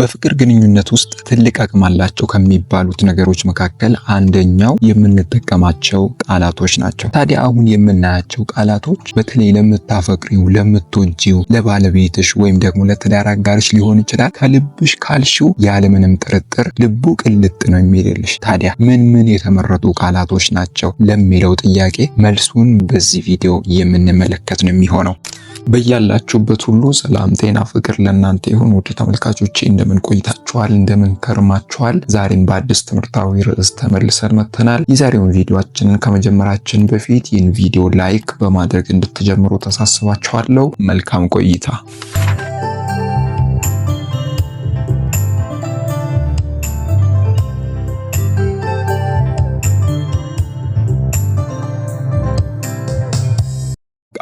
በፍቅር ግንኙነት ውስጥ ትልቅ አቅም አላቸው ከሚባሉት ነገሮች መካከል አንደኛው የምንጠቀማቸው ቃላቶች ናቸው። ታዲያ አሁን የምናያቸው ቃላቶች በተለይ ለምታፈቅሪው፣ ለምትወጂው፣ ለባለቤትሽ ወይም ደግሞ ለትዳር አጋርሽ ሊሆን ይችላል ከልብሽ ካልሽው ያለምንም ጥርጥር ልቡ ቅልጥ ነው የሚልልሽ። ታዲያ ምን ምን የተመረጡ ቃላቶች ናቸው ለሚለው ጥያቄ መልሱን በዚህ ቪዲዮ የምንመለከት ነው የሚሆነው። በያላችሁበት ሁሉ ሰላም፣ ጤና፣ ፍቅር ለእናንተ ይሁን ውድ ተመልካቾቼ እንደምን ቆይታችኋል? እንደምን ከርማችኋል? ዛሬም በአዲስ ትምህርታዊ ርዕስ ተመልሰን መጥተናል። የዛሬውን ቪዲዮችንን ከመጀመራችን በፊት ይህን ቪዲዮ ላይክ በማድረግ እንድትጀምሩ ተሳስባችኋለሁ። መልካም ቆይታ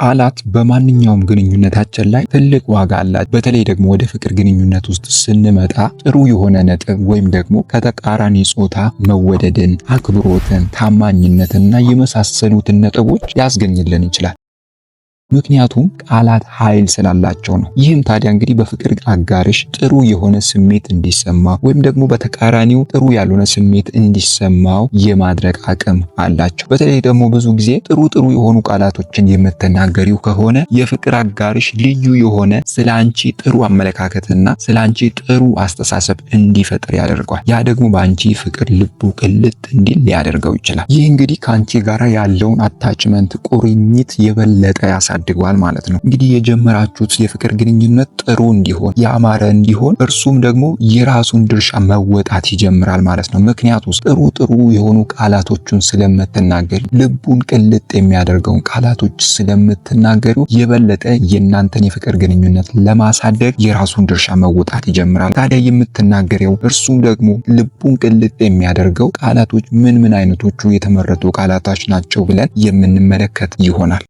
ቃላት በማንኛውም ግንኙነታችን ላይ ትልቅ ዋጋ አላቸው። በተለይ ደግሞ ወደ ፍቅር ግንኙነት ውስጥ ስንመጣ ጥሩ የሆነ ነጥብ ወይም ደግሞ ከተቃራኒ ጾታ መወደድን፣ አክብሮትን፣ ታማኝነትን እና የመሳሰሉትን ነጥቦች ያስገኝልን ይችላል። ምክንያቱም ቃላት ኃይል ስላላቸው ነው። ይህም ታዲያ እንግዲህ በፍቅር አጋርሽ ጥሩ የሆነ ስሜት እንዲሰማ ወይም ደግሞ በተቃራኒው ጥሩ ያልሆነ ስሜት እንዲሰማው የማድረግ አቅም አላቸው። በተለይ ደግሞ ብዙ ጊዜ ጥሩ ጥሩ የሆኑ ቃላቶችን የምትናገሪው ከሆነ የፍቅር አጋርሽ ልዩ የሆነ ስለ አንቺ ጥሩ አመለካከትና ስለ አንቺ ጥሩ አስተሳሰብ እንዲፈጥር ያደርገዋል። ያ ደግሞ በአንቺ ፍቅር ልቡ ቅልጥ እንዲል ሊያደርገው ይችላል። ይህ እንግዲህ ከአንቺ ጋራ ያለውን አታችመንት ቁርኝት የበለጠ ያሳ አድጓል ማለት ነው። እንግዲህ የጀመራችሁት የፍቅር ግንኙነት ጥሩ እንዲሆን ያማረ እንዲሆን እርሱም ደግሞ የራሱን ድርሻ መወጣት ይጀምራል ማለት ነው። ምክንያቱ ጥሩ ጥሩ የሆኑ ቃላቶችን ስለምትናገሪ፣ ልቡን ቅልጥ የሚያደርገውን ቃላቶች ስለምትናገሩ የበለጠ የእናንተን የፍቅር ግንኙነት ለማሳደግ የራሱን ድርሻ መወጣት ይጀምራል። ታዲያ የምትናገሪው እርሱም ደግሞ ልቡን ቅልጥ የሚያደርገው ቃላቶች ምን ምን አይነቶቹ የተመረጡ ቃላቶች ናቸው ብለን የምንመለከት ይሆናል።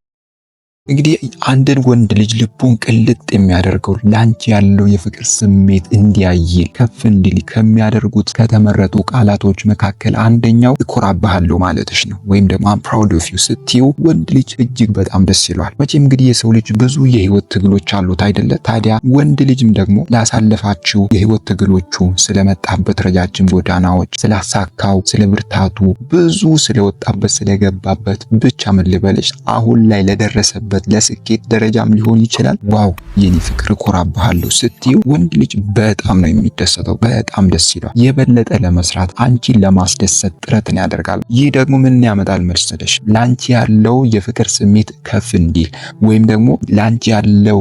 እንግዲህ አንድን ወንድ ልጅ ልቡን ቅልጥ የሚያደርገው ላንቺ ያለው የፍቅር ስሜት እንዲያይል ከፍ እንዲል ከሚያደርጉት ከተመረጡ ቃላቶች መካከል አንደኛው እኮራብሃለሁ ማለትሽ ነው። ወይም ደግሞ አም ፕራውድ ኦፍ ዩ ስትዩ ወንድ ልጅ እጅግ በጣም ደስ ይሏል። መቼም እንግዲህ የሰው ልጅ ብዙ የህይወት ትግሎች አሉት አይደለ? ታዲያ ወንድ ልጅም ደግሞ ላሳለፋችው የህይወት ትግሎቹ፣ ስለመጣበት ረጃጅም ጎዳናዎች፣ ስላሳካው፣ ስለ ብርታቱ ብዙ ስለወጣበት ስለገባበት ብቻ ምን ልበልሽ አሁን ላይ ለደረሰበት ለውበት ለስኬት ደረጃም ሊሆን ይችላል። ዋው የኔ ፍቅር እኮራብሃለሁ ስትዩ ወንድ ልጅ በጣም ነው የሚደሰተው፣ በጣም ደስ ይለዋል። የበለጠ ለመስራት አንቺን ለማስደሰት ጥረትን ያደርጋል። ይህ ደግሞ ምን ያመጣል መሰለሽ? ለአንቺ ያለው የፍቅር ስሜት ከፍ እንዲል ወይም ደግሞ ለአንቺ ያለው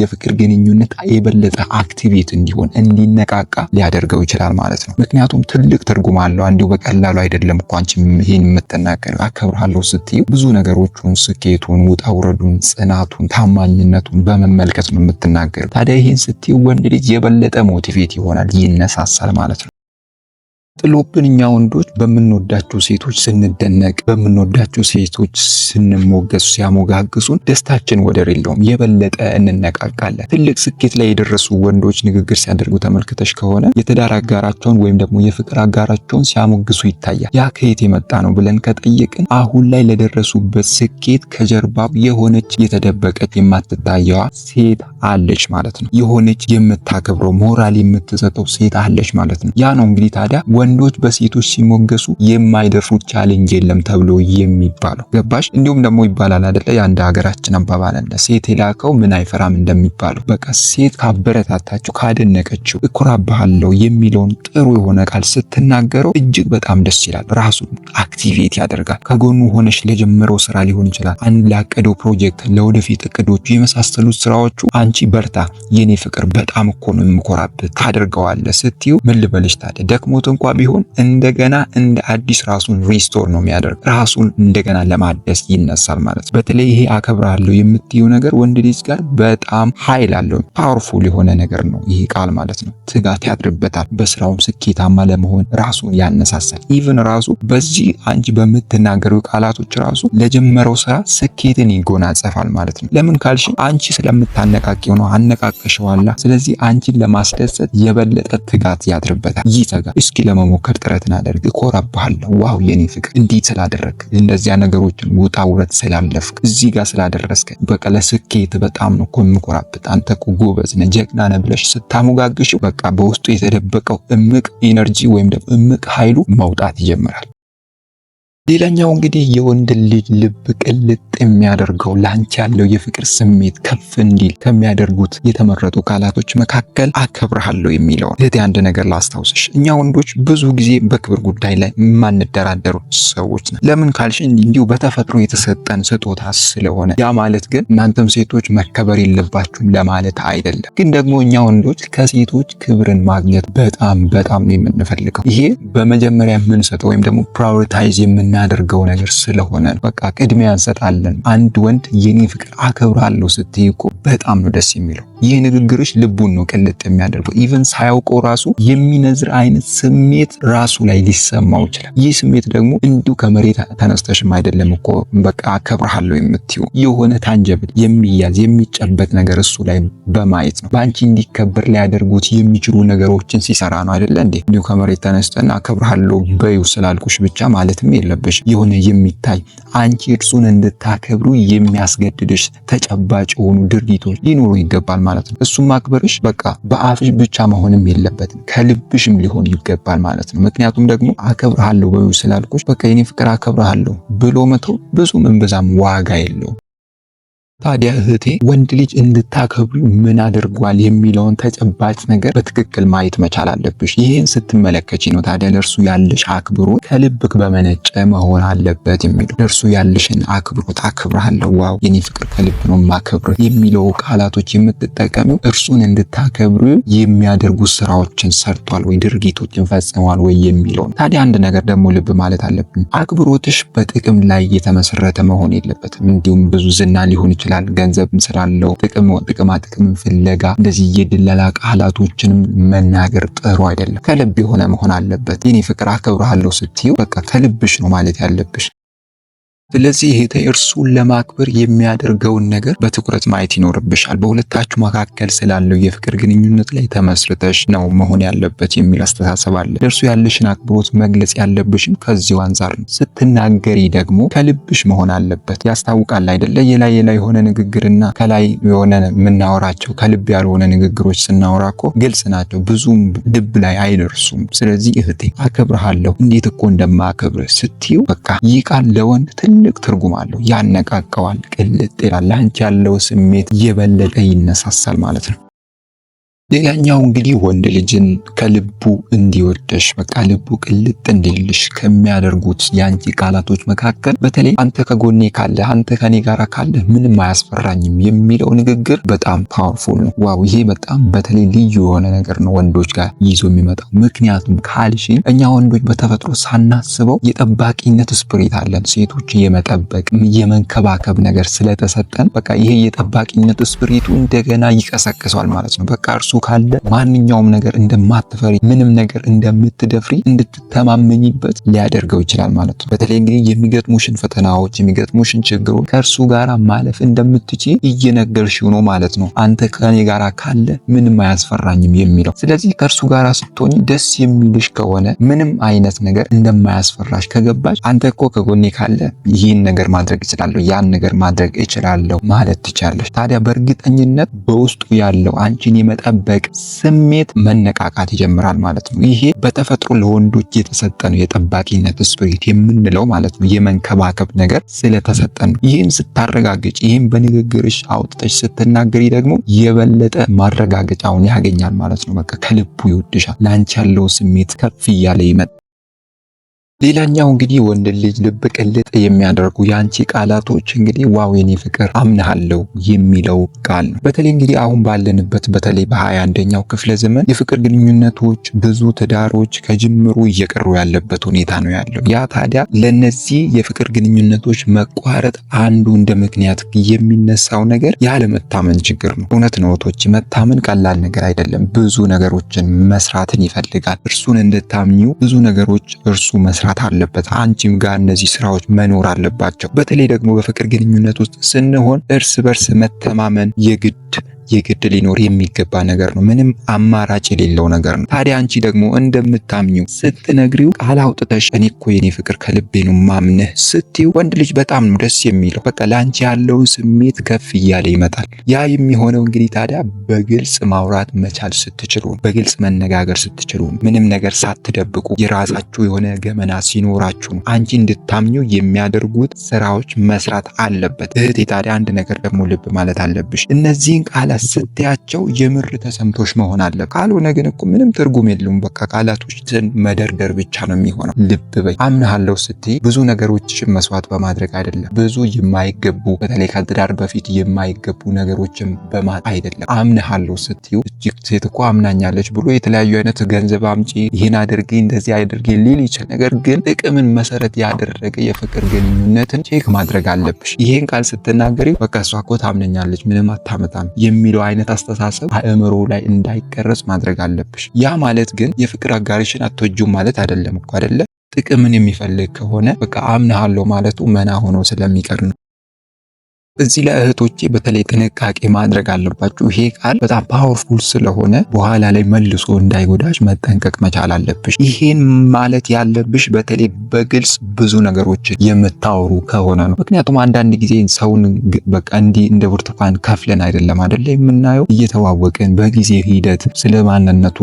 የፍቅር ግንኙነት የበለጠ አክቲቬት እንዲሆን እንዲነቃቃ ሊያደርገው ይችላል ማለት ነው። ምክንያቱም ትልቅ ትርጉም አለው። እንዲሁ በቀላሉ አይደለም እኮ አንቺ ይህን የምትናገር አከብርሃለሁ ስትዩ ብዙ ነገሮቹን ስኬቱን ውጣ ውረዱን መሆኑን ጽናቱን፣ ታማኝነቱን በመመልከት ነው የምትናገረው። ታዲያ ይህን ስትይ ወንድ ልጅ የበለጠ ሞቲቬት ይሆናል፣ ይነሳሳል ማለት ነው። ጥሎብን እኛ ወንዶች በምንወዳቸው ሴቶች ስንደነቅ በምንወዳቸው ሴቶች ስንሞገሱ ሲያሞጋግሱን ደስታችን ወደር የለውም። የበለጠ እንነቃቃለን። ትልቅ ስኬት ላይ የደረሱ ወንዶች ንግግር ሲያደርጉ ተመልክተሽ ከሆነ የትዳር አጋራቸውን ወይም ደግሞ የፍቅር አጋራቸውን ሲያሞግሱ ይታያል። ያ ከየት የመጣ ነው ብለን ከጠየቅን አሁን ላይ ለደረሱበት ስኬት ከጀርባው የሆነች የተደበቀች የማትታየዋ ሴት አለች ማለት ነው። የሆነች የምታከብረው ሞራል የምትሰጠው ሴት አለች ማለት ነው። ያ ነው እንግዲህ ታዲያ ወንዶች በሴቶች ሲሞገሱ የማይደፍሩት ቻሌንጅ የለም ተብሎ የሚባለው ገባሽ? እንዲሁም ደግሞ ይባላል አደለ? የአንድ ሀገራችን አባባል አለ፣ ሴት የላከው ምን አይፈራም እንደሚባለው። በቃ ሴት ካበረታታችሁ፣ ካደነቀችው እኮራብሃለሁ የሚለውን ጥሩ የሆነ ቃል ስትናገረው እጅግ በጣም ደስ ይላል። ራሱን አክቲቬት ያደርጋል። ከጎኑ ሆነሽ ለጀመረው ስራ ሊሆን ይችላል፣ አንድ ላቀደው ፕሮጀክት፣ ለወደፊት እቅዶቹ የመሳሰሉት ስራዎቹ አንቺ በርታ የኔ ፍቅር በጣም እኮ ነው የምኮራብህ ታደርገዋለህ ስትዩ ምን ልበልሽ ታዲያ ደክሞት እንኳ ቢሆን እንደገና እንደ አዲስ ራሱን ሪስቶር ነው የሚያደርግ። ራሱን እንደገና ለማደስ ይነሳል ማለት ነው። በተለይ ይሄ አከብራለሁ የምትየው ነገር ወንድ ልጅ ጋር በጣም ኃይል አለው። ፓወርፉል የሆነ ነገር ነው ይሄ ቃል ማለት ነው። ትጋት ያድርበታል። በስራውም ስኬታማ ለመሆን ራሱን ያነሳሳል። ኢቭን ራሱ በዚህ አንቺ በምትናገሩ ቃላቶች ራሱ ለጀመረው ስራ ስኬትን ይጎናጸፋል ማለት ነው። ለምን ካልሽ አንቺ ስለምታነቃቂው ነው። አነቃቀሸዋላ። ስለዚህ አንቺን ለማስደሰት የበለጠ ትጋት ያድርበታል፣ ይተጋል እስኪ ለመሞከር ጥረትን አደርግ። እኮራብሃለሁ። ዋው የኔ ፍቅር እንዲህ ስላደረግ እንደዚያ ነገሮችን ውጣ ውረት ስላለፍክ እዚህ ጋር ስላደረስከ በቃ ለስኬት በጣም ነው እኮ የምኮራበት። አንተ እኮ ጎበዝ ነህ ጀግና ነህ ብለሽ ስታሞጋግሽ በቃ በውስጡ የተደበቀው እምቅ ኢነርጂ ወይም ደግሞ እምቅ ኃይሉ መውጣት ይጀምራል። ሌላኛው እንግዲህ የወንድ ልጅ ልብ ቅልጥ የሚያደርገው ላንቺ ያለው የፍቅር ስሜት ከፍ እንዲል ከሚያደርጉት የተመረጡ ቃላቶች መካከል አከብርሃለሁ የሚለውን። እህቴ አንድ ነገር ላስታውስሽ፣ እኛ ወንዶች ብዙ ጊዜ በክብር ጉዳይ ላይ የማንደራደሩ ሰዎች ነን። ለምን ካልሽ እንዲሁ በተፈጥሮ የተሰጠን ስጦታ ስለሆነ። ያ ማለት ግን እናንተም ሴቶች መከበር የለባችሁም ለማለት አይደለም። ግን ደግሞ እኛ ወንዶች ከሴቶች ክብርን ማግኘት በጣም በጣም ነው የምንፈልገው። ይሄ በመጀመሪያ የምንሰጠው ወይም ደግሞ ፕራዮሪታይዝ የምና የምናደርገው ነገር ስለሆነ በቃ ቅድሚያ እንሰጣለን። አንድ ወንድ የኔ ፍቅር አከብራለሁ ስትይ እኮ በጣም ነው ደስ የሚለው። ይህ ንግግሮች ልቡን ነው ቅልጥ የሚያደርገው። ኢቨን ሳያውቀው ራሱ የሚነዝር አይነት ስሜት ራሱ ላይ ሊሰማው ይችላል። ይህ ስሜት ደግሞ እንዲሁ ከመሬት ተነስተሽም አይደለም እኮ በቃ አከብርሃለሁ የምትይው የሆነ ታንጀብል የሚያዝ የሚጨበጥ ነገር እሱ ላይ በማየት ነው። በአንቺ እንዲከበር ሊያደርጉት የሚችሉ ነገሮችን ሲሰራ ነው አይደለ እንዴ? እንዲሁ ከመሬት ተነስተን አከብርሃለሁ በዩ ስላልኩሽ ብቻ ማለትም የለብሽ የሚያደርግሽ የሆነ የሚታይ አንቺ እርሱን እንድታከብሩ የሚያስገድድሽ ተጨባጭ የሆኑ ድርጊቶች ሊኖሩ ይገባል ማለት ነው። እሱም ማክበርሽ በቃ በአፍሽ ብቻ መሆንም የለበትም ከልብሽም ሊሆን ይገባል ማለት ነው። ምክንያቱም ደግሞ አከብርሃለሁ በሚል ስላልኩሽ በቃ የኔ ፍቅር አከብርሃለሁ ብሎ መተው ብዙም እምብዛም ዋጋ የለውም። ታዲያ እህቴ ወንድ ልጅ እንድታከብሪ ምን አድርጓል የሚለውን ተጨባጭ ነገር በትክክል ማየት መቻል አለብሽ። ይህን ስትመለከች ነው ታዲያ ለእርሱ ያለሽ አክብሮት ከልብክ በመነጨ መሆን አለበት የሚለው ለእርሱ ያለሽን አክብሮት አክብርሃለሁ፣ ዋው የኔ ፍቅር ከልብ ነው ማከብር የሚለው ቃላቶች የምትጠቀሚው እርሱን እንድታከብሪ የሚያደርጉ ስራዎችን ሰርቷል ወይ ድርጊቶችን ፈጽሟል ወይ የሚለው ታዲያ አንድ ነገር ደግሞ ልብ ማለት አለብን። አክብሮትሽ በጥቅም ላይ የተመሰረተ መሆን የለበትም። እንዲሁም ብዙ ዝና ሊሆን ይችላል ይችላል። ገንዘብም ስላለው ጥቅም ጥቅማ ጥቅም ፍለጋ እንደዚህ የድለላ ቃላቶችንም መናገር ጥሩ አይደለም። ከልብ የሆነ መሆን አለበት። የኔ ፍቅር አከብረሃለሁ ስትይው በቃ ከልብሽ ነው ማለት ያለብሽ። ስለዚህ ይሄ እርሱን ለማክበር የሚያደርገውን ነገር በትኩረት ማየት ይኖርብሻል። በሁለታችሁ መካከል ስላለው የፍቅር ግንኙነት ላይ ተመስርተሽ ነው መሆን ያለበት የሚል አስተሳሰብ አለ። ለእርሱ ያለሽን አክብሮት መግለጽ ያለብሽም ከዚሁ አንጻር ነው። ስትናገሪ ደግሞ ከልብሽ መሆን አለበት። ያስታውቃል አይደለ? የላይ የላይ የሆነ ንግግርና ከላይ የሆነ የምናወራቸው ከልብ ያልሆነ ንግግሮች ስናወራ እኮ ግልጽ ናቸው፣ ብዙም ልብ ላይ አይደርሱም። ስለዚህ እህቴ አከብርሃለሁ፣ እንዴት እኮ እንደማከብር ስትዩ በቃ ይህ ቃል ለወንድ ትልቅ ትርጉም አለው። ያነቃቀዋል፣ ቅልጥ ይላል። ለአንቺ ያለው ስሜት የበለጠ ይነሳሳል ማለት ነው። ሌላኛው እንግዲህ ወንድ ልጅን ከልቡ እንዲወደሽ በቃ ልቡ ቅልጥ እንዲልሽ ከሚያደርጉት የአንቺ ቃላቶች መካከል በተለይ አንተ ከጎኔ ካለህ፣ አንተ ከኔ ጋር ካለህ ምንም አያስፈራኝም የሚለው ንግግር በጣም ፓወርፉል ነው። ዋው! ይሄ በጣም በተለይ ልዩ የሆነ ነገር ነው ወንዶች ጋር ይዞ የሚመጣው። ምክንያቱም ካልሽኝ እኛ ወንዶች በተፈጥሮ ሳናስበው የጠባቂነት ስፕሪት አለን። ሴቶች የመጠበቅ የመንከባከብ ነገር ስለተሰጠን በቃ ይሄ የጠባቂነት ስፕሪቱ እንደገና ይቀሰቅሰዋል ማለት ነው። በቃ እርሱ ካለ ማንኛውም ነገር እንደማትፈሪ ምንም ነገር እንደምትደፍሪ እንድትተማመኝበት ሊያደርገው ይችላል ማለት ነው። በተለይ እንግዲህ የሚገጥሙሽን ፈተናዎች የሚገጥሙሽን ችግሮች ከእርሱ ጋር ማለፍ እንደምትች እየነገርሽው ነው ማለት ነው። አንተ ከኔ ጋር ካለ ምንም አያስፈራኝም የሚለው ስለዚህ ከእርሱ ጋር ስትሆኝ ደስ የሚልሽ ከሆነ ምንም አይነት ነገር እንደማያስፈራሽ ከገባሽ አንተ እኮ ከጎኔ ካለ ይህን ነገር ማድረግ እችላለሁ፣ ያን ነገር ማድረግ እችላለሁ ማለት ትቻለሽ። ታዲያ በእርግጠኝነት በውስጡ ያለው አንቺን የመጠበ የመደበቅ ስሜት መነቃቃት ይጀምራል ማለት ነው። ይሄ በተፈጥሮ ለወንዶች የተሰጠ ነው፣ የጠባቂነት ስፕሪት የምንለው ማለት ነው። የመንከባከብ ነገር ስለተሰጠ ነው። ይህን ስታረጋግጭ፣ ይህን በንግግርሽ አውጥተሽ ስትናገሪ ደግሞ የበለጠ ማረጋገጫውን ያገኛል ማለት ነው። በቃ ከልቡ ይወድሻል። ለአንቺ ያለው ስሜት ከፍ እያለ ይመጣል። ሌላኛው እንግዲህ ወንድ ልጅ ልብ ቅልጥ የሚያደርጉ የአንቺ ቃላቶች እንግዲህ ዋው የኔ ፍቅር አምናሃለሁ የሚለው ቃል ነው። በተለይ እንግዲህ አሁን ባለንበት በተለይ በሀያ አንደኛው ክፍለ ዘመን የፍቅር ግንኙነቶች ብዙ ትዳሮች ከጅምሩ እየቀሩ ያለበት ሁኔታ ነው ያለው። ያ ታዲያ ለነዚህ የፍቅር ግንኙነቶች መቋረጥ አንዱ እንደ ምክንያት የሚነሳው ነገር ያለመታመን ችግር ነው። እውነት ነው እህቶች፣ መታመን ቀላል ነገር አይደለም። ብዙ ነገሮችን መስራትን ይፈልጋል። እርሱን እንድታምኙ ብዙ ነገሮች እርሱ መስራት መሰራት አለበት። አንቺም ጋር እነዚህ ስራዎች መኖር አለባቸው። በተለይ ደግሞ በፍቅር ግንኙነት ውስጥ ስንሆን እርስ በርስ መተማመን የግድ የግድ ሊኖር የሚገባ ነገር ነው። ምንም አማራጭ የሌለው ነገር ነው። ታዲያ አንቺ ደግሞ እንደምታምኚው ስትነግሪው ቃል አውጥተሽ እኔ እኮ የኔ ፍቅር ከልቤ ነው ማምንህ ስትይው ወንድ ልጅ በጣም ነው ደስ የሚለው። በቃ ለአንቺ ያለውን ስሜት ከፍ እያለ ይመጣል። ያ የሚሆነው እንግዲህ ታዲያ በግልጽ ማውራት መቻል ስትችሉ፣ በግልጽ መነጋገር ስትችሉ፣ ምንም ነገር ሳትደብቁ የራሳችሁ የሆነ ገመና ሲኖራችሁ ነው አንቺ እንድታምኚው የሚያደርጉት ስራዎች መስራት አለበት። እህቴ ታዲያ አንድ ነገር ደግሞ ልብ ማለት አለብሽ እነዚህን ቃላት ስትያቸው የምር ተሰምቶች መሆን አለ። ካልሆነ ግን እኮ ምንም ትርጉም የለውም። በቃ ቃላቶች ዘንድ መደርደር ብቻ ነው የሚሆነው። ልብ በይ። አምናሃለው ስትይ ብዙ ነገሮችን መስዋዕት በማድረግ አይደለም። ብዙ የማይገቡ በተለይ ከትዳር በፊት የማይገቡ ነገሮችን በማት አይደለም። አምናሃለው ስትዩ እጅግ ሴት እኮ አምናኛለች ብሎ የተለያዩ አይነት ገንዘብ አምጪ፣ ይህን አድርጊ፣ እንደዚህ አድርጊ ሊል ይችል። ነገር ግን ጥቅምን መሰረት ያደረገ የፍቅር ግንኙነትን ቼክ ማድረግ አለብሽ። ይሄን ቃል ስትናገሪ በቃ እሷ እኮ ታምነኛለች ምንም አታመጣም የሚ የሚለው አይነት አስተሳሰብ አእምሮ ላይ እንዳይቀረጽ ማድረግ አለብሽ። ያ ማለት ግን የፍቅር አጋርሽን አትወጂውም ማለት አይደለም እኮ አይደለ? ጥቅምን የሚፈልግ ከሆነ በቃ አምንሃለሁ ማለቱ መና ሆኖ ስለሚቀር ነው። እዚህ ላይ እህቶቼ በተለይ ጥንቃቄ ማድረግ አለባችሁ። ይሄ ቃል በጣም ፓወርፉል ስለሆነ በኋላ ላይ መልሶ እንዳይጎዳሽ መጠንቀቅ መቻል አለብሽ። ይሄን ማለት ያለብሽ በተለይ በግልጽ ብዙ ነገሮችን የምታወሩ ከሆነ ነው። ምክንያቱም አንዳንድ ጊዜ ሰውን በቃ እንዲህ እንደ ብርቱካን ከፍለን አይደለም አደለ የምናየው፣ እየተዋወቅን በጊዜ ሂደት ስለ ማንነቱ፣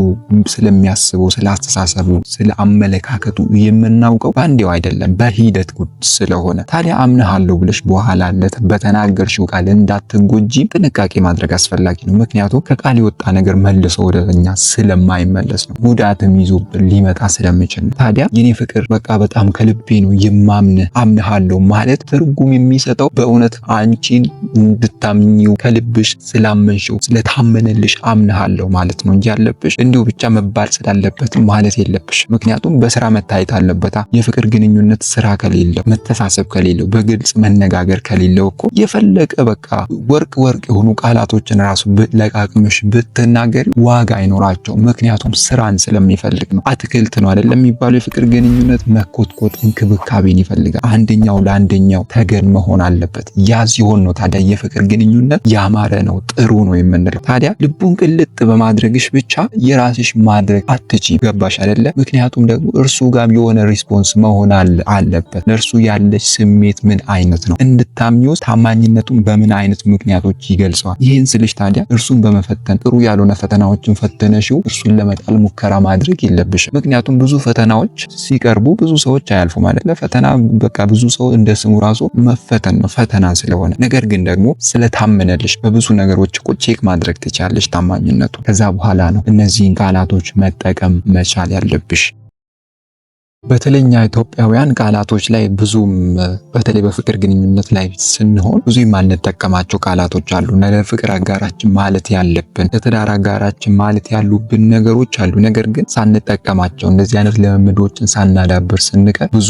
ስለሚያስበው፣ ስለ አስተሳሰቡ፣ ስለ አመለካከቱ የምናውቀው በአንዴው አይደለም በሂደት ስለሆነ ታዲያ አምንሃለሁ ብለሽ በኋላ ለት በተና ከተናገርሽው ቃል እንዳትጎጂ ጥንቃቄ ማድረግ አስፈላጊ ነው። ምክንያቱም ከቃል የወጣ ነገር መልሶ ወደ እኛ ስለማይመለስ ነው፣ ጉዳትም ይዞብን ሊመጣ ስለምችል ነው። ታዲያ የኔ ፍቅር በቃ በጣም ከልቤ ነው የማምን አምንሃለሁ ማለት ትርጉም የሚሰጠው በእውነት አንቺን እንድታምኚው ከልብሽ ስላመንሽው ስለታመነልሽ አምንሃለሁ ማለት ነው እንጂ ያለብሽ እንዲሁ ብቻ መባል ስላለበት ማለት የለብሽ። ምክንያቱም በስራ መታየት አለበታ። የፍቅር ግንኙነት ስራ ከሌለው መተሳሰብ ከሌለው በግልጽ መነጋገር ከሌለው እኮ የፈለቀ በቃ ወርቅ ወርቅ የሆኑ ቃላቶችን ራሱ ለቃቅምሽ ብትናገሪ ዋጋ አይኖራቸው። ምክንያቱም ስራን ስለሚፈልግ ነው። አትክልት ነው አይደለም የሚባለው የፍቅር ግንኙነት መኮትኮት እንክብካቤን ይፈልጋል። አንደኛው ለአንደኛው ተገን መሆን አለበት። ያ ሲሆን ነው ታዲያ የፍቅር ግንኙነት ያማረ ነው፣ ጥሩ ነው የምንለው። ታዲያ ልቡን ቅልጥ በማድረግሽ ብቻ የራስሽ ማድረግ አትቺ። ገባሽ አይደለ? ምክንያቱም ደግሞ እርሱ ጋር የሆነ ሪስፖንስ መሆን አለበት። ለእርሱ ያለች ስሜት ምን አይነት ነው እንድታምኚ ውስጥ ታማኝ ታማኝነቱን በምን አይነት ምክንያቶች ይገልጸዋል? ይህን ስልሽ ታዲያ እርሱን በመፈተን ጥሩ ያልሆነ ፈተናዎችን ፈተነሽው እርሱን ለመጣል ሙከራ ማድረግ የለብሽም። ምክንያቱም ብዙ ፈተናዎች ሲቀርቡ ብዙ ሰዎች አያልፉ ማለት ለፈተና በቃ ብዙ ሰው እንደ ስሙ ራሱ መፈተን ነው ፈተና ስለሆነ። ነገር ግን ደግሞ ስለታመነልሽ በብዙ ነገሮች እኮ ቼክ ማድረግ ትቻለሽ ታማኝነቱ። ከዛ በኋላ ነው እነዚህን ቃላቶች መጠቀም መቻል ያለብሽ። በተለኛ ኢትዮጵያውያን ቃላቶች ላይ ብዙም በተለይ በፍቅር ግንኙነት ላይ ስንሆን ብዙ የማንጠቀማቸው ቃላቶች አሉ። ለፍቅር አጋራችን ማለት ያለብን፣ ለትዳር አጋራችን ማለት ያሉብን ነገሮች አሉ። ነገር ግን ሳንጠቀማቸው እንደዚህ አይነት ልምምዶችን ሳናዳብር ስንቀር ብዙ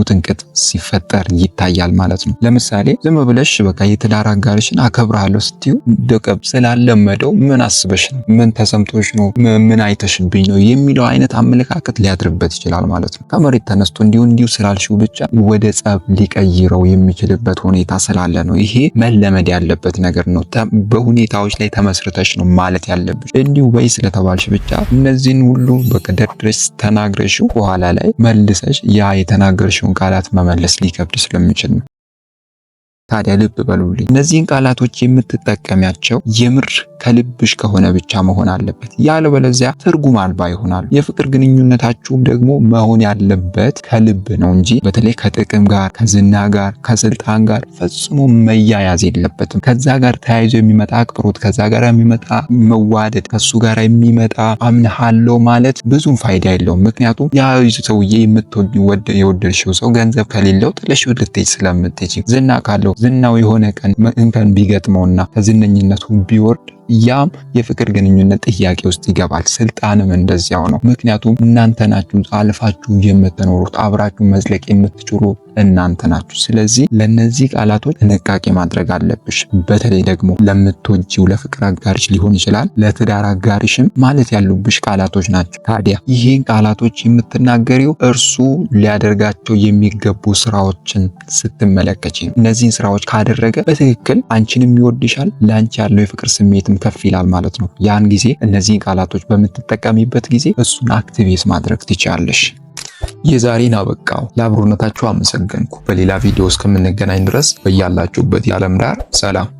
ውጥንቅጥ ሲፈጠር ይታያል ማለት ነው። ለምሳሌ ዝም ብለሽ በቃ የትዳር አጋርሽን አከብርሃለሁ ስትዩ ደቀብ ስላለመደው ምን አስበሽ ነው፣ ምን ተሰምቶች ነው፣ ምን አይተሽብኝ ነው የሚለው አይነት አመለካከት ሊያድርበት ይችላል ማለት ነው። ከመሬት ተነስቶ እንዲሁ እንዲሁ ስላልሽው ብቻ ወደ ጸብ ሊቀይረው የሚችልበት ሁኔታ ስላለ ነው። ይሄ መለመድ ያለበት ነገር ነው። በሁኔታዎች ላይ ተመስርተሽ ነው ማለት ያለብሽ፣ እንዲሁ ወይ ስለተባልሽ ብቻ እነዚህን ሁሉ በቃ ተናግረሽ በኋላ ላይ መልሰሽ ያ የተናገርሽ የጠየቅሽውን ቃላት መመለስ ሊከብድ ስለሚችል ነው። ታዲያ ልብ በሉልኝ፣ እነዚህን ቃላቶች የምትጠቀሚያቸው የምር ከልብሽ ከሆነ ብቻ መሆን አለበት። ያለበለዚያ ትርጉም አልባ ይሆናሉ። የፍቅር ግንኙነታችሁም ደግሞ መሆን ያለበት ከልብ ነው እንጂ በተለይ ከጥቅም ጋር፣ ከዝና ጋር፣ ከስልጣን ጋር ፈጽሞ መያያዝ የለበትም። ከዛ ጋር ተያይዞ የሚመጣ አክብሮት፣ ከዛ ጋር የሚመጣ መዋደድ፣ ከሱ ጋር የሚመጣ አምንሃለው ማለት ብዙም ፋይዳ የለውም። ምክንያቱም ያ ሰውዬ የምትወደው የወደድሽው ሰው ገንዘብ ከሌለው ጥለሽው ልትሄጂ ስለምትሄጂ፣ ዝና ካለው ዝናው የሆነ ቀን እንከን ቢገጥመውና ከዝነኝነቱ ቢወርድ ያም የፍቅር ግንኙነት ጥያቄ ውስጥ ይገባል። ስልጣንም እንደዚያው ነው። ምክንያቱም እናንተ ናችሁ አልፋችሁ የምትኖሩት፣ አብራችሁ መዝለቅ የምትችሉ እናንተ ናችሁ። ስለዚህ ለነዚህ ቃላቶች ጥንቃቄ ማድረግ አለብሽ። በተለይ ደግሞ ለምትወጂው ለፍቅር አጋሪሽ ሊሆን ይችላል፣ ለትዳር አጋሪሽም ማለት ያሉብሽ ቃላቶች ናቸው። ታዲያ ይህን ቃላቶች የምትናገሪው እርሱ ሊያደርጋቸው የሚገቡ ስራዎችን ስትመለከች፣ እነዚህን ስራዎች ካደረገ በትክክል አንቺንም ይወድሻል፣ ለአንቺ ያለው የፍቅር ስሜትም ቫሊዩም ከፍ ይላል ማለት ነው። ያን ጊዜ እነዚህን ቃላቶች በምትጠቀሚበት ጊዜ እሱን አክቲቬት ማድረግ ትችላለሽ። የዛሬን አበቃው። ለአብሮነታችሁ አመሰገንኩ። በሌላ ቪዲዮ እስከምንገናኝ ድረስ በያላችሁበት የዓለም ዳር ሰላም